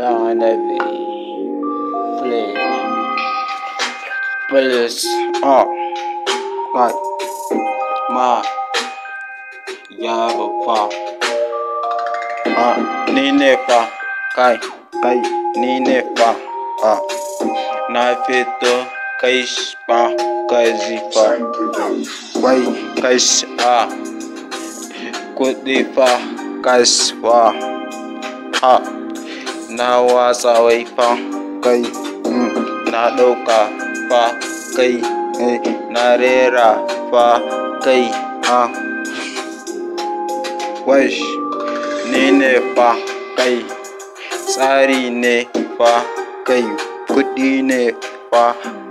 Wannabe play playlist oh god ma yaro fa ah ni kai kai ni ah na fito kai fa kai zifa kai kai ah kudi fa ah na watsa wai fa kai mm, na ɗauka fa kai eh, na rera fa kai ha wash ni ne fa kai tsari ne fa kai kuɗi ne fa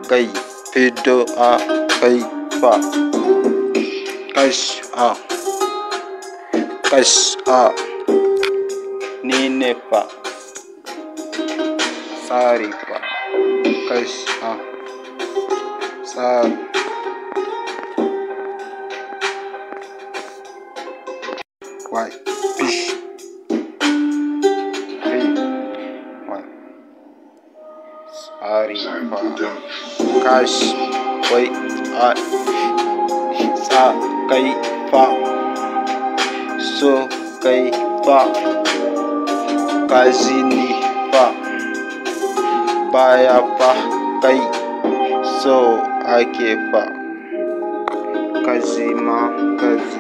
kai fido a kai fa kash a kash a ni ne fa sorry pula curse ha uh, sorry why Pish. three wait I sa kai fa so kai fa kazini baya fa kai so ake fa ka zima ka